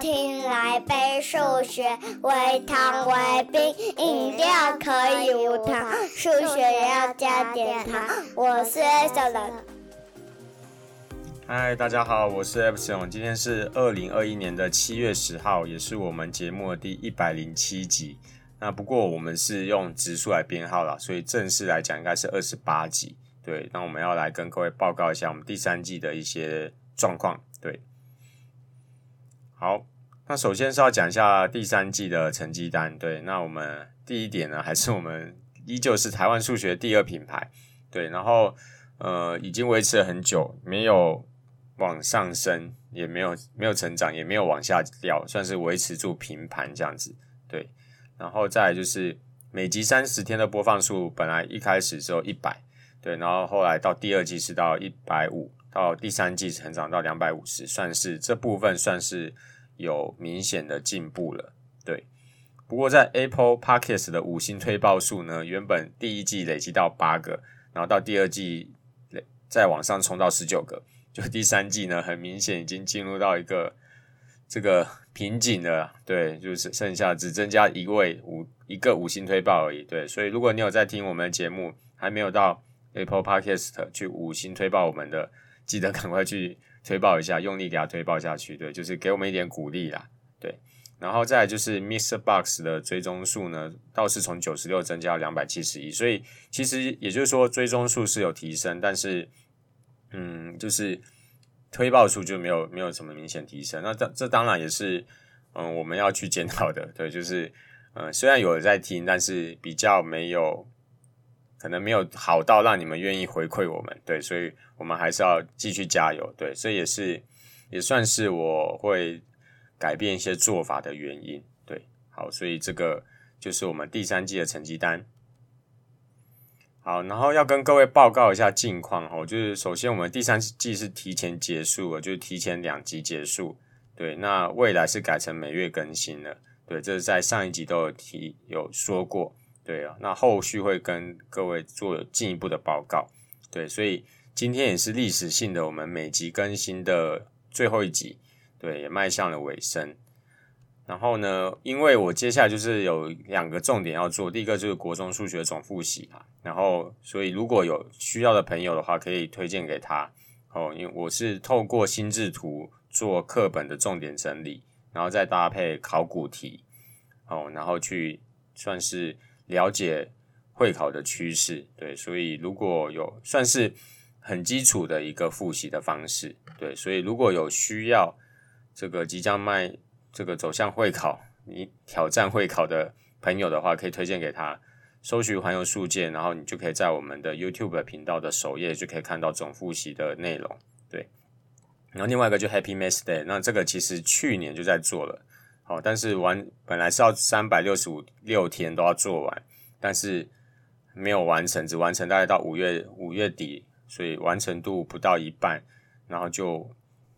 聽來杯數學，微糖微冰，飲料可以無糖，數學也要加點糖。我是 F 小龍。嗨，大家好，我是艾普森。今天是二零二一年的七月十號，也是我們節目的第一百零七集。那不過我們是用指數來編號了，所以正式來講應該是二十八集。對，那我們要來跟各位報告一下我們第三季的一些狀況。對。好，那首先是要講一下第三季的成績單，對，那我們第一點呢，還是我們依舊是台灣數學第二品牌，對，然後呃，已經維持了很久，沒有往上升，也沒有沒有成長，也沒有往下掉，算是維持住平盤這樣子，對，然後再來就是每集三十天的播放數，本來一開始只有一百，對，然後後來到第二季是到一百五。到第三季成長到兩百五十，算是這部分算是有明顯的進步了。對，不過在 Apple Podcast 的五星推爆數呢，原本第一季累積到八個，然後到第二季累再往上衝到十九個，就第三季呢，很明顯已經進入到一個這個瓶頸了。對，就是剩下只增加一位五一個五星推爆而已。對，所以如果你有在聽我們的節目，還沒有到 Apple Podcast 去五星推爆我們的。記得趕快去推爆一下，用力給他推爆下去，對，就是給我們一點鼓勵啦，對。然後再來就是 MixerBox 的追蹤數呢，倒是從九十六增加到兩百七十一，所以其實也就是說追蹤數是有提升，但是嗯，就是推爆數就沒有沒有什麼明顯提升。那這這當然也是嗯我們要去檢討的，對，就是嗯雖然有人在聽，但是比較沒有。可能沒有好到讓你們願意回饋我們，對，所以我們還是要繼續加油，對，這也是也算是我會改變一些做法的原因，對，好，所以這個就是我們第三季的成績單。好，然後要跟各位報告一下近況哦，就是首先我們第三季是提前結束了，就提前兩集結束，對，那未來是改成每月更新了，對，這是在上一集都有提，有說過。對啊，那後續會跟各位做進一步的報告。對，所以今天也是歷史性的，我們每集更新的最後一集，對，也邁向了尾聲。然後呢，因為我接下來就是有兩個重點要做，第一個就是國中數學總複習嘛、啊。然後，所以如果有需要的朋友的話，可以推薦給他。哦，因為我是透過心智圖做課本的重點整理，然後再搭配考古題，哦，然後去算是。了解會考的趨勢，對，所以如果有算是很基礎的一個複習的方式，對，所以如果有需要這個即將邁這個走向會考，你挑戰會考的朋友的話，可以推薦給他，收取環遊數件，然後你就可以在我們的 YouTube 頻道的首頁就可以看到總複習的內容，對。然後另外一個就 Happy Mass Day，那這個其實去年就在做了。好，但是完，本來是要三百六十五六天都要做完，但是沒有完成，只完成大概到五月五月底，所以完成度不到一半，然後就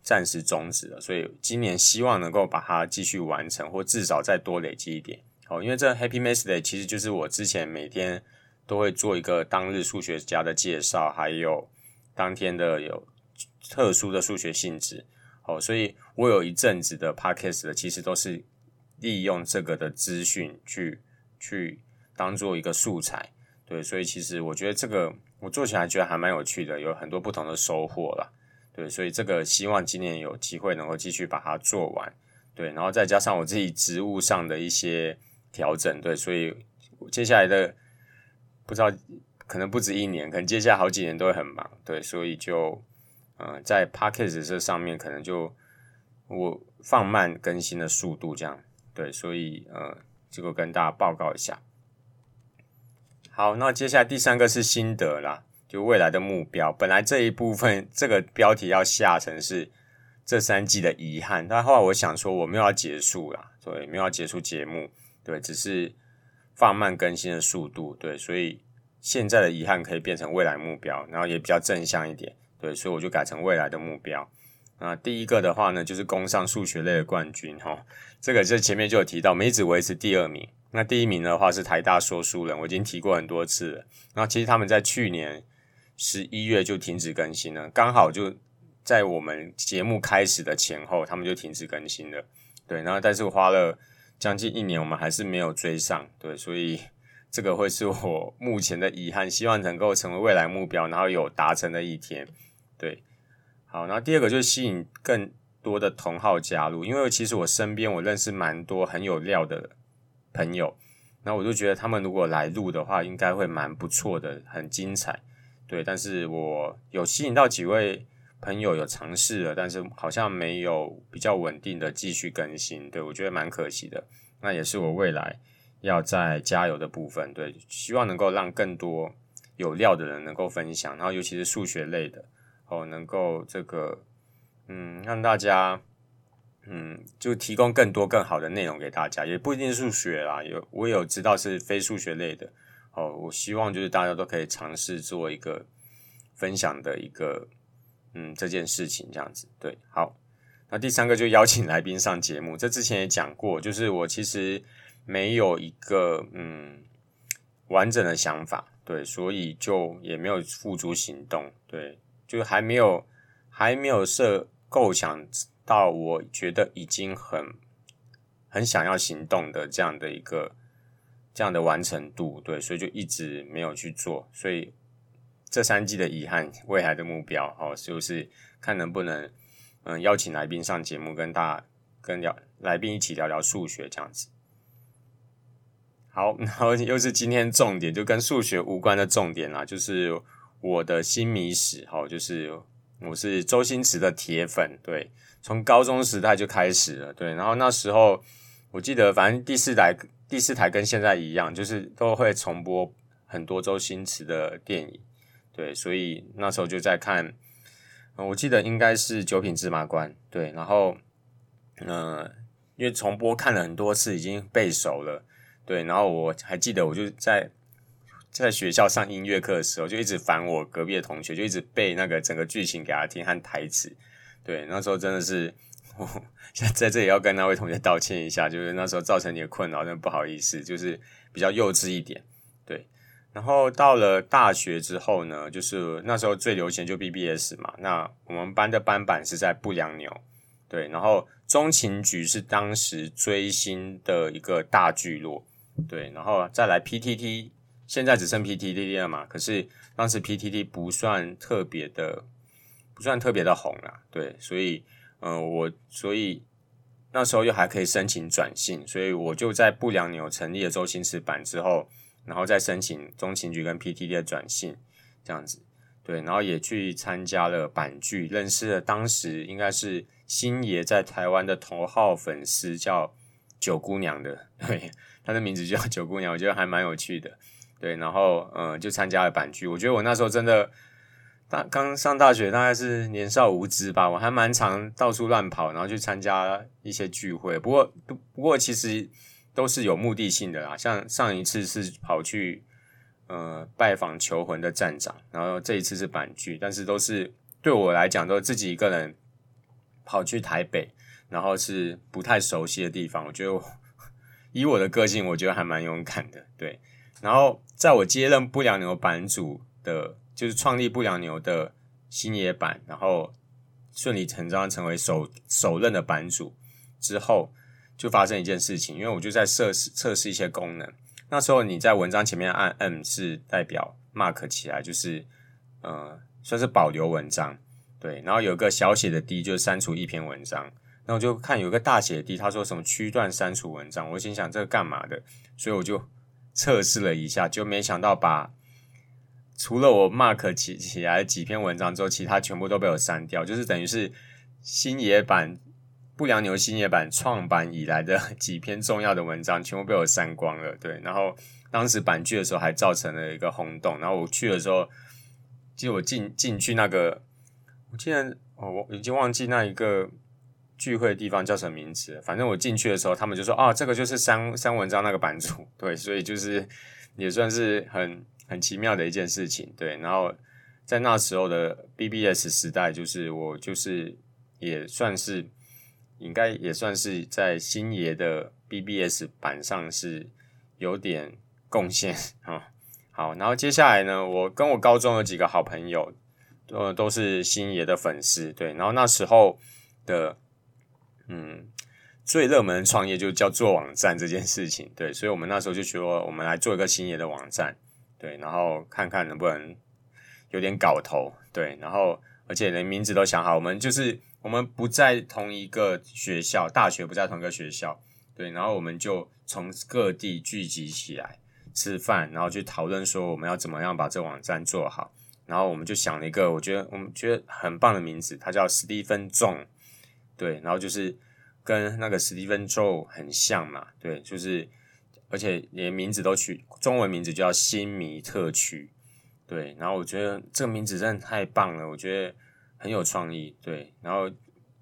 暫時終止了。所以今年希望能夠把它繼續完成，或至少再多累積一點。好，因為這 Happy Math Day 其實就是我之前每天都會做一個當日數學家的介紹，還有當天的有特殊的數學性質。哦、oh，所以我有一陣子的 podcast 的，其實都是利用這個的資訊去去當做一個素材，對，所以其實我覺得這個我做起來覺得還蠻有趣的，有很多不同的收穫啦，對，所以這個希望今年有機會能夠繼續把它做完，對，然後再加上我自己職務上的一些調整，對，所以接下來的不知道可能不止一年，可能接下來好幾年都會很忙，對，所以就。嗯、呃，在 podcast 這上面可能就我放慢更新的速度，這樣，對，所以呃，這個跟大家報告一下。好，那接下來第三個是心得啦，就未來的目標。本來這一部分這個標題要下成是這三季的遺憾，但後來我想說我沒有要結束啦，對，沒有要結束節目，對，只是放慢更新的速度，對，所以現在的遺憾可以變成未來目標，然後也比較正向一點。對，所以我就改成未來的目標。那第一個的話呢，就是攻上數學類的冠軍哈。這個在前面就有提到，沒一直維持第二名。那第一名的話是台大說書人，我已經提過很多次了。那其實他們在去年十一月就停止更新了，剛好就在我們節目開始的前後，他們就停止更新了。對，然後但是花了將近一年，我們還是沒有追上。對，所以這個會是我目前的遺憾，希望能夠成為未來目標，然後有達成的一天。對，好，然後第二個就是吸引更多的同好加入，因為其實我身邊我認識蠻多很有料的朋友，那我就覺得他們如果來錄的話，應該會蠻不錯的，很精彩，對。但是我有吸引到幾位朋友有嘗試了，但是好像沒有比較穩定的繼續更新，對，我覺得蠻可惜的。那也是我未來要再加油的部分，對，希望能夠讓更多有料的人能夠分享，然後尤其是數學類的。哦，能夠這個，嗯，讓大家，嗯，就提供更多更好的內容給大家，也不一定是數學啦，有我有知道是非數學類的。哦，我希望就是大家都可以嘗試做一個分享的一個，嗯，這件事情這樣子，對，好。那第三個就邀請來賓上節目，這之前也講過，就是我其實沒有一個嗯完整的想法，對，所以就也沒有付諸行動，對。就還沒有，還沒有設構想到，我覺得已經很很想要行動的這樣的一個這樣的完成度，對，所以就一直沒有去做。所以這三季的遺憾，未來的目標，哦，就是看能不能嗯邀請來賓上節目跟他，跟大跟聊來賓一起聊聊數學這樣子。好，然後又是今天重點，就跟數學無關的重點啦，就是。我的追星史哈，就是我是周星馳的鐵粉，對，從高中時代就開始了，對，然後那時候我記得，反正第四台第四台跟現在一樣，就是都會重播很多周星馳的電影，對，所以那時候就在看，我記得應該是《九品芝麻官》，對，然後嗯、呃，因為重播看了很多次，已經背熟了，對，然後我還記得，我就在。在學校上音樂課的時候，就一直煩我隔壁的同學，就一直背那個整個劇情給他聽和台詞。對，那時候真的是，呵呵，現在在這裡要跟那位同學道歉一下，就是那時候造成你的困擾，真的不好意思，就是比較幼稚一點。對，然後到了大學之後呢，就是那時候最流行就 BBS 嘛，那我們班的班板是在不良牛，對，然後中情局是當時追星的一個大聚落，對，然後再來 PTT。現在只剩 PTT 了嘛？可是當時 PTT 不算特別的，不算特別的紅啦、啊。對，所以，嗯、呃，我所以那時候又還可以申請轉信，所以我就在不良牛成立了周星馳版之後，然後再申請中情局跟 PTT 的轉信。這樣子，對，然後也去參加了版聚，認識了當時應該是星爺在台灣的頭號粉絲叫九姑娘的，對，她的名字就叫九姑娘，我覺得還蠻有趣的。對，然後嗯、呃，就參加了板劇。我覺得我那時候真的大剛上大學，大概是年少無知吧。我還蠻常到處亂跑，然後去參加一些聚會。不過不，不過其實都是有目的性的啦。像上一次是跑去嗯、呃，拜訪求婚的站長，然後這一次是板劇，但是都是對我來講都是自己一個人跑去台北，然後是不太熟悉的地方。我覺得我以我的個性，我覺得還蠻勇敢的。對。然後，在我接任不良牛版主的，就是創立不良牛的星野版，然後順理成章成為首首任的版主之後，就發生一件事情，因為我就在測試測試一些功能。那時候你在文章前面按 M 是代表 mark 起來，就是嗯、呃，算是保留文章。對，然後有一個小寫的 d 就刪除一篇文章，然後就看有個大寫的 d，他說什麼區段刪除文章，我心想這個幹嘛的，所以我就。測試了一下，就沒想到把除了我 mark 起起來的幾篇文章之後，其他全部都被我刪掉，就是等於是星野版不良牛星野版創版以來的幾篇重要的文章，全部被我刪光了。對，然後當時版聚的時候還造成了一個轟動，然後我去的時候，就我進進去那個，我竟然哦，我已經忘記那一個。聚會的地方叫什麼名字？反正我進去的時候，他們就說：“啊，這個就是三三文章那個版主。”對，所以就是也算是很很奇妙的一件事情。對，然後在那時候的 BBS 時代，就是我就是也算是應該也算是在星爺的 BBS 版上是有點貢獻啊、嗯。好，然後接下來呢，我跟我高中有幾個好朋友，呃，都是星爺的粉絲。對，然後那時候的。嗯，最熱門的創業就叫做網站這件事情，對，所以我們那時候就覺得，我們來做一個星爺的網站，對，然後看看能不能有點搞頭，對，然後而且連名字都想好，我們就是我們不在同一個學校，大學不在同一個學校，對，然後我們就從各地聚集起來吃飯，然後去討論說我們要怎麼樣把這網站做好，然後我們就想了一個我覺得我們覺得很棒的名字，它叫 Stephen Zone。對，然後就是跟那個史蒂芬·喬很像嘛，對，就是而且連名字都取中文名字叫新米特區，對，然後我覺得這個名字真的太棒了，我覺得很有創意，對，然後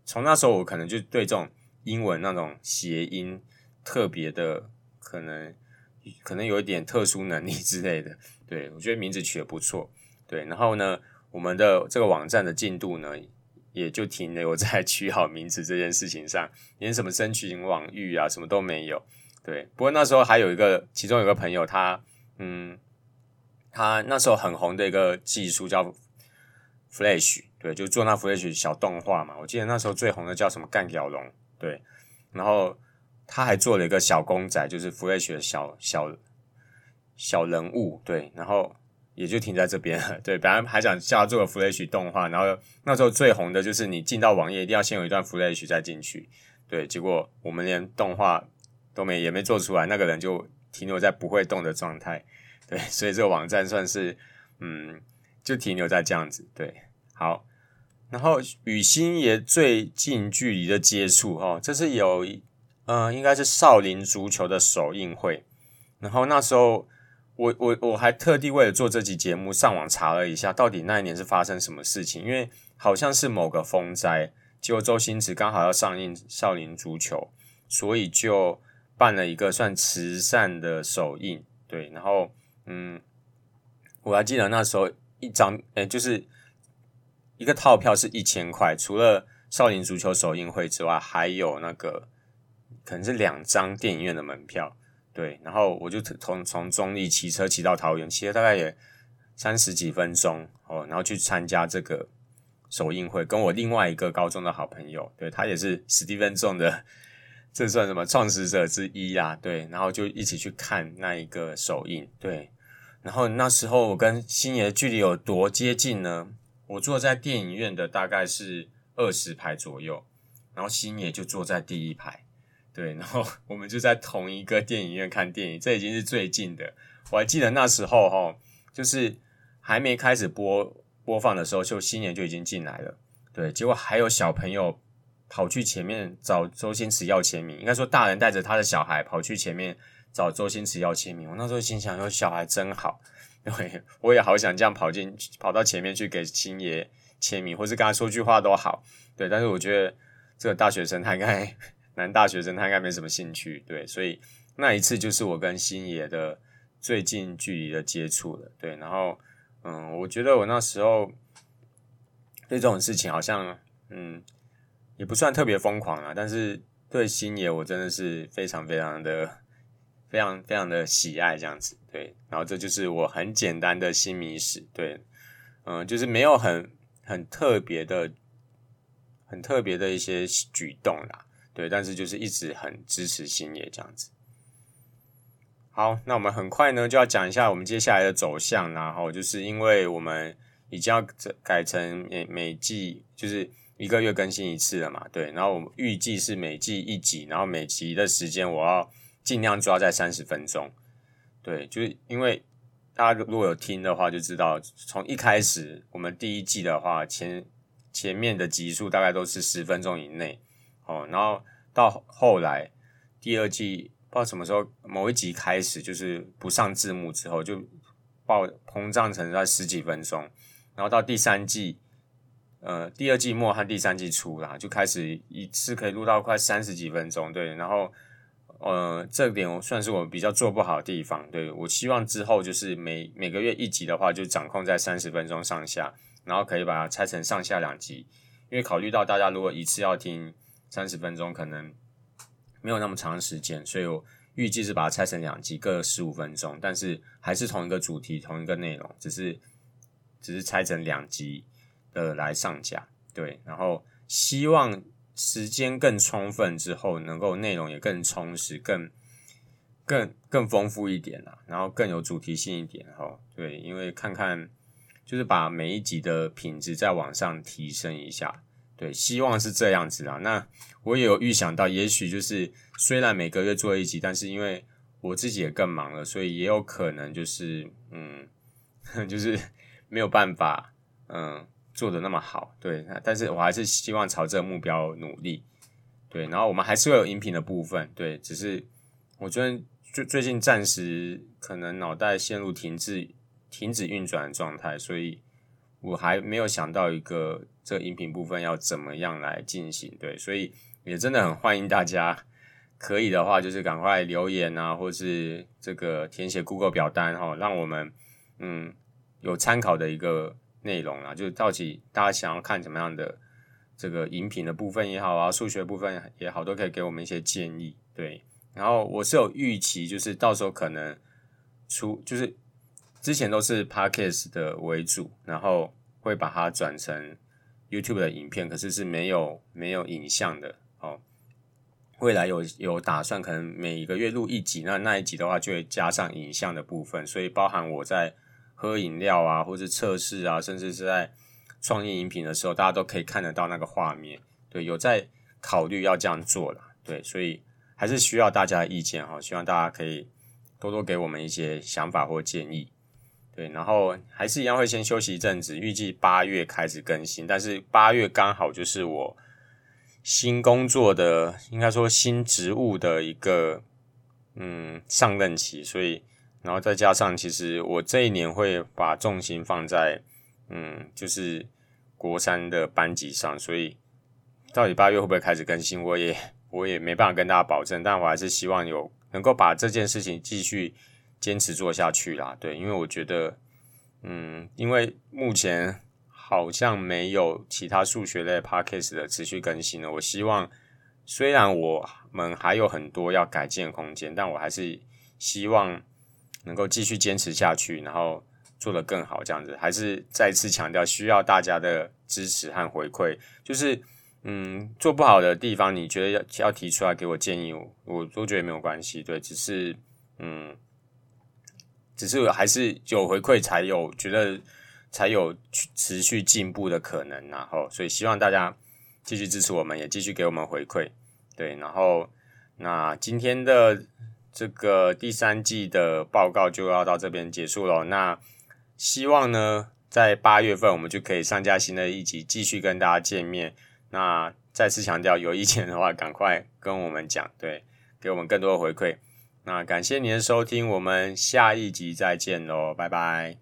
從那時候我可能就對這種英文那種諧音特別的，可能可能有一點特殊能力之類的，對我覺得名字取得不錯，對，然後呢，我們的這個網站的進度呢？也就停了。我在取好名字這件事情上，連什麼申請網域啊，什麼都沒有。對，不過那時候還有一個，其中有個朋友他，他嗯，他那時候很紅的一個技術叫 Flash，對，就做那 Flash 小動畫嘛。我記得那時候最紅的叫什麼幹屌龍，對。然後他還做了一個小公仔，就是 Flash 的小小小人物，對。然後。也就停在這邊了，對，本來還想加做個 flash 動畫，然後那時候最紅的就是你進到網頁一定要先有一段 flash 再進去，對，結果我們連動畫都沒也沒做出來，那個人就停留在不會動的狀態，對，所以這個網站算是，嗯，就停留在這樣子，對，好，然後與星爺也最近距離的接觸，哦，這是有，嗯、呃，應該是少林足球的首映會，然後那時候。我我我還特地為了做這期節目上網查了一下，到底那一年是發生什麼事情？因為好像是某個風災，結果周星馳剛好要上映《少林足球》，所以就辦了一個算慈善的首映。對，然後嗯，我還記得那時候一張誒、欸、就是一個套票是一千塊，除了《少林足球》首映會之外，還有那個可能是兩張電影院的門票。對，然後我就從從中壢騎車騎到桃園，騎了大概也三十幾分鐘哦，然後去參加這個首映會，跟我另外一個高中的好朋友，對，他也是史蒂芬宗的，這算什麼，創始者之一啊，對，然後就一起去看那一個首映，對，然後那時候我跟星爺距離有多接近呢？我坐在電影院的大概是二十排左右，然後星爺就坐在第一排。對，然後我們就在同一個電影院看電影，這已經是最近的。我還記得那時候哈、哦，就是還沒開始播播放的時候，就星爺就已經進來了。對，結果還有小朋友跑去前面找周星馳要簽名，應該說大人帶着他的小孩跑去前面找周星馳要簽名。我那時候心想說，小孩真好，因為我也好想這樣跑進跑到前面去給星爺簽名，或是跟他說句話都好。對，但是我覺得這個大學生他應該。男大學生他應該沒什麼興趣，對，所以那一次就是我跟星爺的最近距離的接觸了，對，然後嗯，我覺得我那時候對這種事情好像嗯也不算特別瘋狂啦，但是對星爺我真的是非常非常的非常非常的喜愛這樣子，對，然後這就是我很簡單的星迷史，對，嗯，就是沒有很很特別的很特別的一些舉動啦。對，但是就是一直很支持星野這樣子。好，那我們很快呢就要講一下我們接下來的走向，然後就是因為我們已經要改改成每每季就是一個月更新一次了嘛，對。然後我們預計是每季一集，然後每集的時間我要盡量抓在三十分鐘。對，就是因為大家如果有聽的話，就知道從一開始我們第一季的話前，前前面的集數大概都是十分鐘以內。哦，然後到後來第二季不知道什麼時候某一集開始就是不上字幕之後就爆膨脹成在十幾分鐘，然後到第三季，呃，第二季末和第三季初啦，就開始一次可以錄到快三十幾分鐘，對，然後呃，這點我算是我比較做不好的地方，對，我希望之後就是每每個月一集的話就掌控在三十分鐘上下，然後可以把它拆成上下兩集，因為考慮到大家如果一次要聽三十分鐘可能沒有那麼長時間，所以我預計是把它拆成兩集，各十五分鐘。但是還是同一個主題、同一個內容，只是只是拆成兩集的來上架。對，然後希望時間更充分之後，能夠內容也更充實、更更更豐富一點啦，然後更有主題性一點哈、喔。對，因為看看就是把每一集的品質再往上提升一下。對，希望是這樣子啦。那我也有預想到，也許就是雖然每個月做一集，但是因為我自己也更忙了，所以也有可能就是嗯，就是沒有辦法嗯做的那麼好。對，但是我還是希望朝這個目標努力。對，然後我們還是會有音頻的部分，對，只是我覺得最最近暫時可能腦袋陷入停滯停止運轉的狀態，所以。我還沒有想到一個這個音頻部分要怎麼樣來進行，對，所以也真的很歡迎大家，可以的話就是趕快留言啊，或是這個填寫 Google 表單哈，讓我們嗯有參考的一個內容啊，就是到底大家想要看什麼樣的這個音頻的部分也好啊，數學部分也好，都可以給我們一些建議，對。然後我是有預期，就是到時候可能出就是。之前都是 Podcast 的為主，然後會把它轉成 YouTube 的影片，可是是沒有沒有影像的哦。未來有有打算，可能每一個月錄一集，那那一集的話就會加上影像的部分，所以包含我在喝飲料啊，或是測試啊，甚至是在創意飲品的時候，大家都可以看得到那個畫面。對，有在考慮要這樣做了，對，所以還是需要大家的意見哈、哦，希望大家可以多多給我們一些想法或建議。對，然後還是一樣會先休息一陣子，預計八月開始更新。但是八月剛好就是我新工作的，應該說新職務的一個嗯上任期，所以然後再加上，其實我這一年會把重心放在嗯就是國三的班級上，所以到底八月會不會開始更新，我也我也沒辦法跟大家保證，但我還是希望有能夠把這件事情繼續。堅持做下去啦，對，因為我覺得，嗯，因為目前好像沒有其他數學類 podcast 的持續更新了。我希望，雖然我們還有很多要改進的空間，但我還是希望能夠繼續堅持下去，然後做得更好。這樣子，還是再次強調，需要大家的支持和回饋。就是，嗯，做不好的地方，你覺得要要提出來給我建議我，我都覺得沒有關係。對，只是，嗯。只是還是有回饋才有覺得才有持續進步的可能，啊，然後，哦，所以希望大家繼續支持我們，也繼續給我們回饋。對，然後那今天的這個第三季的報告就要到這邊結束了。那希望呢，在八月份我們就可以上架新的一集，繼續跟大家見面。那再次強調，有意見的話趕快跟我們講，對，給我們更多的回饋。那感謝您的收聽，我們下一集再見嘍，拜拜。